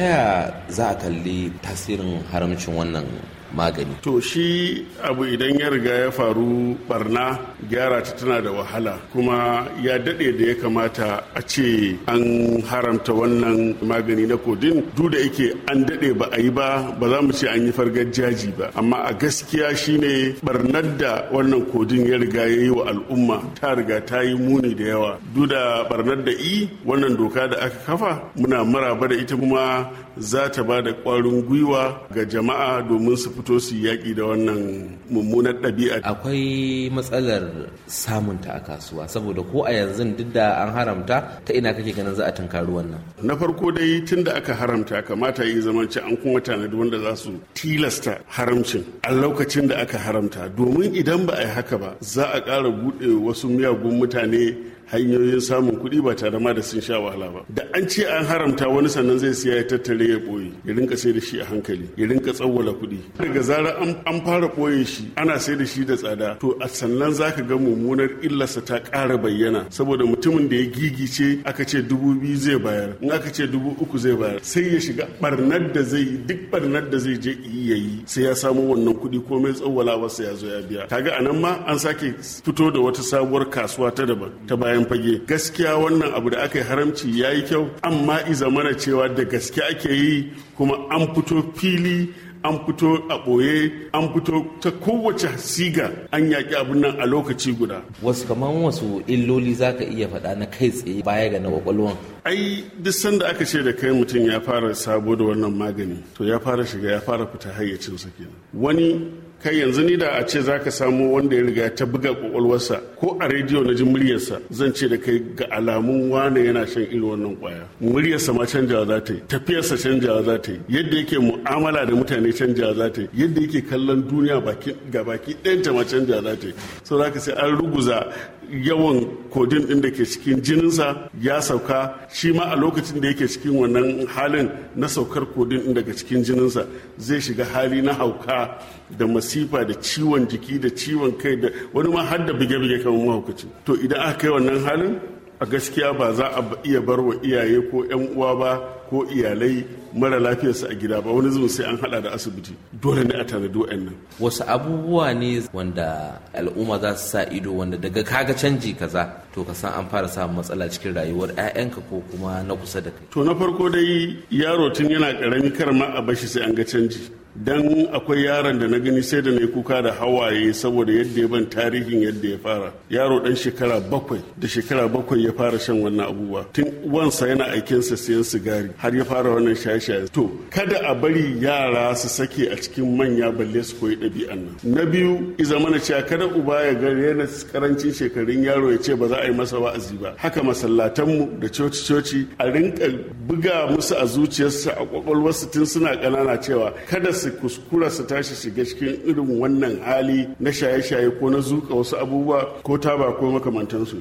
ta za a kalli tasirin haramcin wannan magani to shi abu idan ya riga ya faru barna gyara ta tana da wahala kuma ya daɗe da ya kamata a ce an haramta wannan magani na kodin duk da yake an daɗe ba a yi ba ba za mu ce an yi fargar jaji ba amma a gaskiya shine barnar da wannan kodin ya riga ya yi wa al'umma ta riga ta yi muni da yawa duk da barnar da i wannan doka da aka kafa muna maraba da ita kuma za ta ba da ƙwarin gwiwa ga jama'a domin su fito su yaƙi da wannan mummunar ɗabi'a. Akwai matsalar samunta a kasuwa saboda ko a yanzu duk da an haramta ta ina kake ganin za a tunkari wannan. Na farko dai tun da aka haramta kamata yi zamanci an kuma tanadi wanda za su tilasta haramcin a lokacin da aka haramta domin idan ba a yi haka ba za a ƙara buɗe wasu miyagun mutane hanyoyin samun kuɗi ba tare ma da sun sha wahala ba da an ce an haramta wani sannan zai siya ya tattare ya ɓoye ya rinka sai da shi a hankali ya rinka tsawwala kuɗi daga zarar an fara ɓoye shi ana sai da shi da tsada to a sannan zaka ga mummunar illarsa ta ƙara bayyana saboda mutumin da ya gigice aka ce dubu biyu zai bayar in aka ce dubu uku zai bayar sai ya shiga ɓarnar da zai yi duk ɓarnar da zai je iya yi sai ya samu wannan kuɗi komai tsawwala wasu ya zo ya biya kaga nan ma an sake fito da wata sabuwar kasuwa ta daban ta bayan bayan fage gaskiya wannan abu da aka yi haramci ya yi kyau amma iza mana cewa da gaske ake yi kuma an fito fili an fito a ɓoye an fito ta kowace siga an yaƙi abin nan a lokaci guda wasu kaman wasu illoli za ka iya faɗa na kai tsaye baya ga na ƙwaƙwalwan ai duk sanda aka ce da kai mutum ya fara sabo da wannan magani to ya fara shiga ya fara fita hayyacinsa kenan wani kai yanzu ni da a ce za ka samu wanda ya riga ta buga kwakwalwarsa ko a rediyo na ji muryarsa zan ce da kai ga alamun wane yana shan irin wannan kwaya muryarsa ma canjawa za ta yi tafiyarsa canjawa za ta yi yadda yake mu'amala da mutane canjawa za ta yi yadda yake kallon duniya ga baki ɗayanta ma canjawa za ta yi so za ka sai an ruguza yawan kodin ɗin da ke cikin jininsa ya sauka shi ma a lokacin da yake cikin wannan halin na saukar kodin ɗin daga cikin jininsa zai shiga hali na hauka da masifa da ciwon jiki da ciwon kai da wani ma har da bige-bige kamar mahaukaci to idan aka kai wannan halin a gaskiya ba za a iya bar wa iyaye ko 'yan uwa ba ko iyalai mara lafiyarsa a gida ba wani zuwa sai an hada da asibiti dole ne a tanadi nan. wasu abubuwa ne wanda al'umma za su sa ido wanda daga kaga canji kaza to ka san an fara samun matsala cikin rayuwar 'ya'yanka ko kuma na kusa da kai to na farko dai yaro tun yana karami kar a bashi sai an ga canji don akwai yaron da na gani sai da na yi kuka da hawaye saboda yadda ya ban tarihin yadda ya fara yaro dan shekara bakwai da shekara bakwai ya fara shan wannan abubuwa tun wansa yana aikinsa siyan sigari har ya fara wannan shaye-shaye to kada a bari yara su sake a cikin manya balle su koyi ɗabi'an nan na biyu i zamana cewa kada uba ya ga yana karancin shekarun yaro ya ce ba za a yi masa wa'azi ba haka masallatanmu da coci-coci a rinka buga musu a zuciyarsu a kwakwalwarsu tun suna ƙanana cewa kada su kuskura su tashi shiga cikin irin wannan hali na shaye-shaye ko na zuka wasu abubuwa ko taba ko makamantansu